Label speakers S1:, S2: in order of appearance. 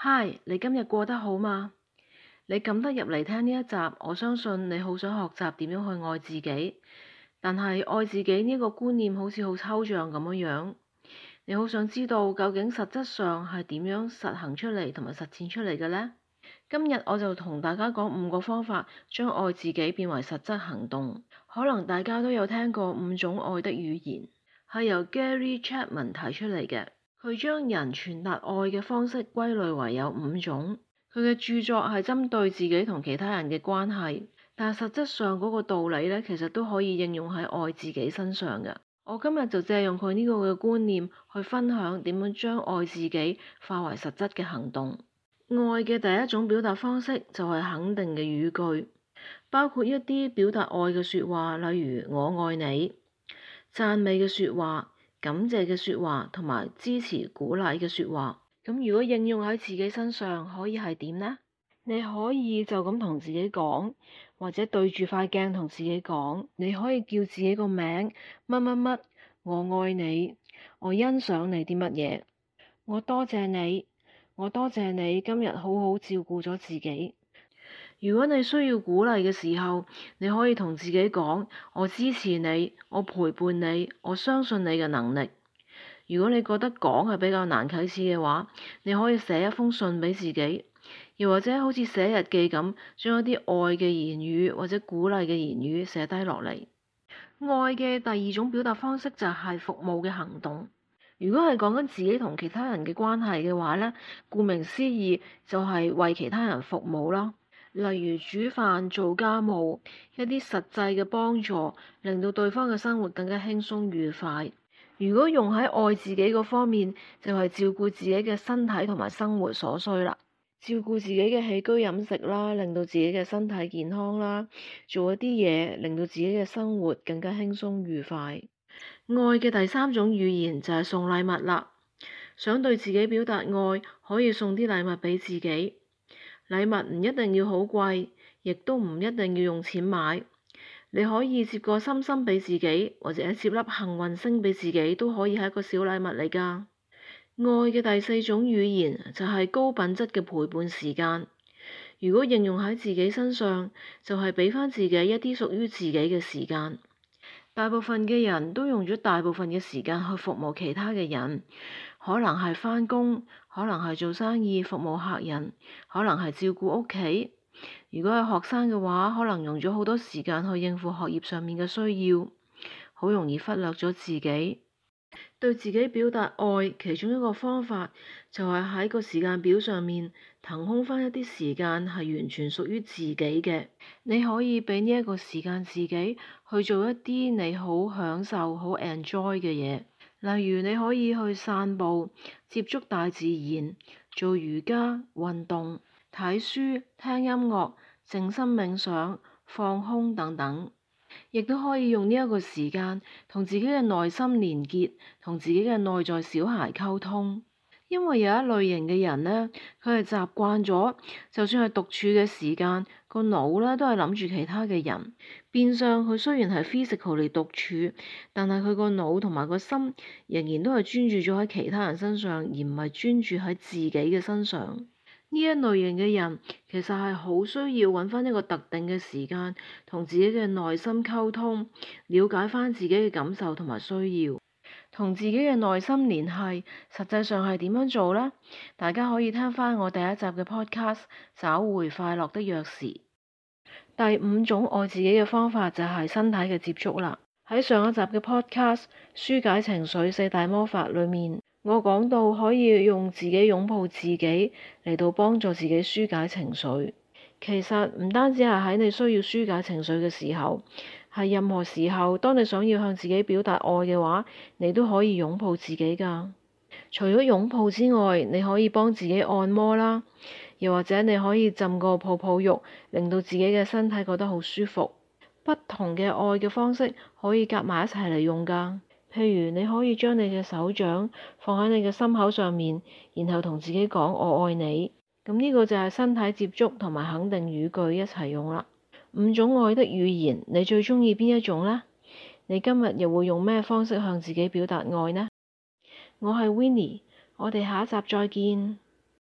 S1: 嗨，Hi, 你今日過得好嗎？你敢得入嚟聽呢一集，我相信你好想學習點樣去愛自己。但係愛自己呢個觀念好似好抽象咁樣。你好想知道究竟實質上係點樣實行出嚟同埋實踐出嚟嘅呢？今日我就同大家講五個方法，將愛自己變為實質行動。可能大家都有聽過五種愛的語言，係由 Gary Chapman 提出嚟嘅。佢將人傳達愛嘅方式歸類為有五種。佢嘅著作係針對自己同其他人嘅關係，但實質上嗰個道理呢，其實都可以應用喺愛自己身上嘅。我今日就借用佢呢個嘅觀念去分享點樣將愛自己化為實質嘅行動。愛嘅第一種表達方式就係肯定嘅語句，包括一啲表達愛嘅説話，例如「我愛你」、讚美嘅説話、感謝嘅說話同埋支持鼓勵嘅說話，咁如果應用喺自己身上，可以係點呢？你可以就咁同自己講，或者對住塊鏡同自己講，你可以叫自己個名，乜乜乜，我愛你，我欣賞你啲乜嘢，我多謝你，我多謝你今日好好照顧咗自己。如果你需要鼓勵嘅時候，你可以同自己講：我支持你，我陪伴你，我相信你嘅能力。如果你覺得講係比較難啟齒嘅話，你可以寫一封信俾自己，又或者好似寫日記咁，將一啲愛嘅言語或者鼓勵嘅言語寫低落嚟。愛嘅第二種表達方式就係服務嘅行動。如果係講緊自己同其他人嘅關係嘅話咧，顧名思義就係為其他人服務啦。例如煮飯、做家務，一啲實際嘅幫助，令到對方嘅生活更加輕鬆愉快。如果用喺愛自己嗰方面，就係照顧自己嘅身體同埋生活所需啦，照顧自己嘅起居飲食啦，令到自己嘅身體健康啦，做一啲嘢，令到自己嘅生活更加輕鬆愉快。愛嘅第三種語言就係送禮物啦，想對自己表達愛，可以送啲禮物俾自己。禮物唔一定要好貴，亦都唔一定要用錢買。你可以摺個心心俾自己，或者摺粒幸運星俾自己，都可以係一個小禮物嚟㗎。愛嘅第四種語言就係高品質嘅陪伴時間。如果應用喺自己身上，就係俾翻自己一啲屬於自己嘅時間。大部分嘅人都用咗大部分嘅時間去服務其他嘅人，可能係返工，可能係做生意服務客人，可能係照顧屋企。如果係學生嘅話，可能用咗好多時間去應付學業上面嘅需要，好容易忽略咗自己。對自己表達愛，其中一個方法就係喺個時間表上面騰空翻一啲時間，係完全屬於自己嘅。你可以俾呢一個時間自己去做一啲你好享受、好 enjoy 嘅嘢，例如你可以去散步、接觸大自然、做瑜伽、運動、睇書、聽音樂、靜心冥想、放空等等。亦都可以用呢一個時間同自己嘅內心連結，同自己嘅內在小孩溝通。因為有一類型嘅人咧，佢係習慣咗，就算係獨處嘅時間，個腦咧都係諗住其他嘅人。變相佢雖然係 physical 嚟獨處，但係佢個腦同埋個心仍然都係專注咗喺其他人身上，而唔係專注喺自己嘅身上。呢一類型嘅人其實係好需要揾翻一個特定嘅時間，同自己嘅內心溝通，了解翻自己嘅感受同埋需要，同自己嘅內心聯繫。實際上係點樣做呢？大家可以聽翻我第一集嘅 podcast《找回快樂的鑰匙》。第五種愛自己嘅方法就係身體嘅接觸啦。喺上一集嘅 podcast《舒解情緒四大魔法》裡面，我講到可以用自己擁抱自己嚟到幫助自己舒解情緒，其實唔單止係喺你需要舒解情緒嘅時候，係任何時候，當你想要向自己表達愛嘅話，你都可以擁抱自己㗎。除咗擁抱之外，你可以幫自己按摩啦，又或者你可以浸個泡泡浴，令到自己嘅身體覺得好舒服。不同嘅愛嘅方式可以夾埋一齊嚟用㗎。譬如你可以將你嘅手掌放喺你嘅心口上面，然後同自己講，我愛你，咁呢個就係身體接觸同埋肯定語句一齊用啦。五種愛的語言，你最中意邊一種呢？你今日又會用咩方式向自己表達愛呢？我係 Winnie，我哋下一集再見。